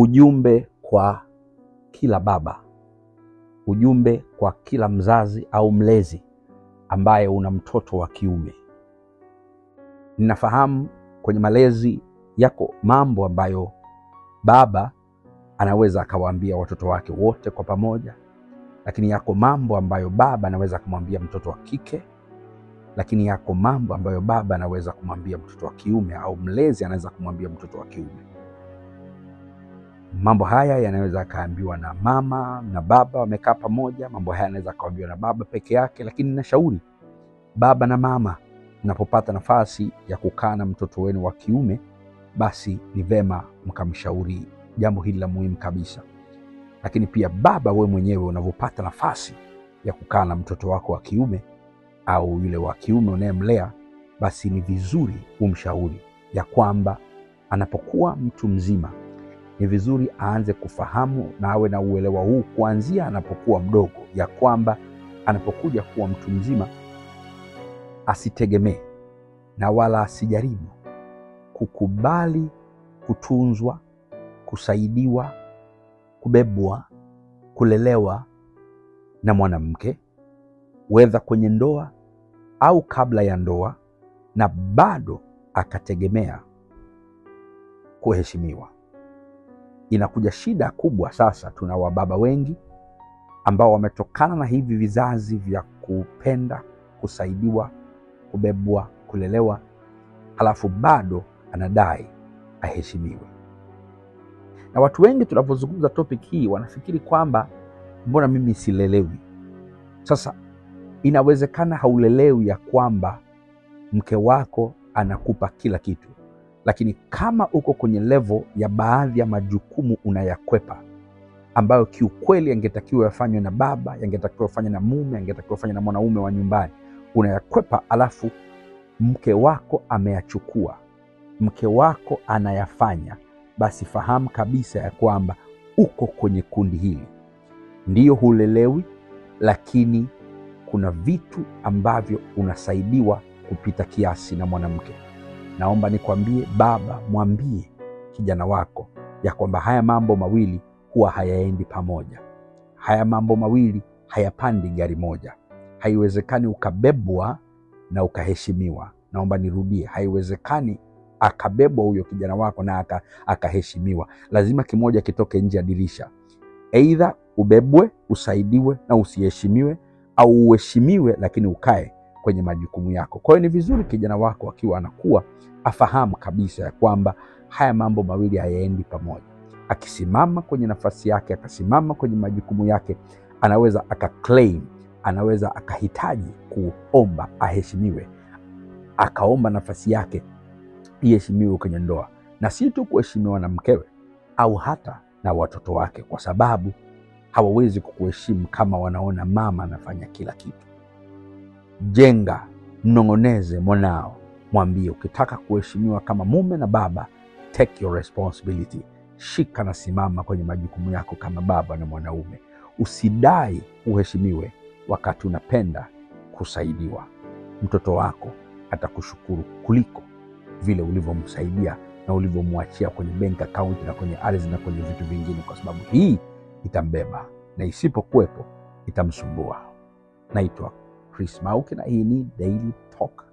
ujumbe kwa kila baba, ujumbe kwa kila mzazi au mlezi ambaye una mtoto wa kiume. Ninafahamu kwenye malezi yako mambo ambayo baba anaweza akawaambia watoto wake wote kwa pamoja, lakini yako mambo ambayo baba anaweza akamwambia mtoto wa kike, lakini yako mambo ambayo baba anaweza kumwambia mtoto wa kiume, au mlezi anaweza kumwambia mtoto wa kiume. Mambo haya yanaweza akaambiwa na mama na baba wamekaa pamoja. Mambo haya yanaweza akaambiwa na baba peke yake, lakini nashauri baba na mama, mnapopata nafasi ya kukaa na mtoto wenu wa kiume, basi ni vema mkamshauri jambo hili la muhimu kabisa. Lakini pia baba, wewe mwenyewe unavyopata nafasi ya kukaa na mtoto wako wa kiume au yule wa kiume unayemlea, basi ni vizuri umshauri ya kwamba anapokuwa mtu mzima ni vizuri aanze kufahamu na awe na uelewa huu kuanzia anapokuwa mdogo, ya kwamba anapokuja kuwa mtu mzima asitegemee na wala asijaribu kukubali kutunzwa, kusaidiwa, kubebwa, kulelewa na mwanamke, wedha kwenye ndoa au kabla ya ndoa, na bado akategemea kuheshimiwa inakuja shida kubwa. Sasa tuna wababa wengi ambao wametokana na hivi vizazi vya kupenda kusaidiwa, kubebwa, kulelewa, halafu bado anadai aheshimiwe. Na watu wengi tunapozungumza topic hii wanafikiri kwamba mbona mimi silelewi? Sasa inawezekana haulelewi ya kwamba mke wako anakupa kila kitu lakini kama uko kwenye levo ya baadhi ya majukumu unayakwepa, ambayo kiukweli yangetakiwa yafanywe na baba, yangetakiwa yafanywe na mume, yangetakiwa yafanywe na mwanaume wa nyumbani, unayakwepa, alafu mke wako ameyachukua, mke wako anayafanya, basi fahamu kabisa ya kwamba uko kwenye kundi hili. Ndiyo, hulelewi, lakini kuna vitu ambavyo unasaidiwa kupita kiasi na mwanamke. Naomba nikwambie baba, mwambie kijana wako ya kwamba haya mambo mawili huwa hayaendi pamoja. Haya mambo mawili hayapandi gari moja. Haiwezekani ukabebwa na ukaheshimiwa. Naomba nirudie, haiwezekani akabebwa huyo kijana wako na aka, akaheshimiwa. Lazima kimoja kitoke nje ya dirisha, eidha ubebwe, usaidiwe na usiheshimiwe, au uheshimiwe lakini ukae kwenye majukumu yako. Kwa hiyo ni vizuri kijana wako akiwa anakuwa afahamu kabisa ya kwamba haya mambo mawili hayaendi pamoja. Akisimama kwenye nafasi yake, akasimama kwenye majukumu yake, anaweza akaclaim, anaweza akahitaji kuomba aheshimiwe, akaomba nafasi yake iheshimiwe kwenye ndoa, na si tu kuheshimiwa na mkewe au hata na watoto wake, kwa sababu hawawezi kukuheshimu kama wanaona mama anafanya kila kitu jenga, mnong'oneze mwanao, mwambie ukitaka kuheshimiwa kama mume na baba, take your responsibility, shika na simama kwenye majukumu yako kama baba na mwanaume. Usidai uheshimiwe wakati unapenda kusaidiwa. Mtoto wako atakushukuru kuliko vile ulivyomsaidia na ulivyomwachia kwenye benki akaunti na kwenye ardhi na kwenye vitu vingine, kwa sababu hii itambeba na isipokuwepo itamsumbua. Naitwa Smoking. Mauke Daily Talk.